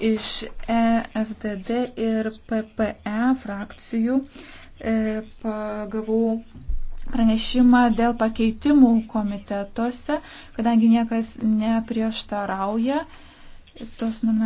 iš EFDD ir PPE frakcijų e, pagavau pranešimą dėl pakeitimų komitetuose, kadangi niekas neprieštarauja tos nominacijos.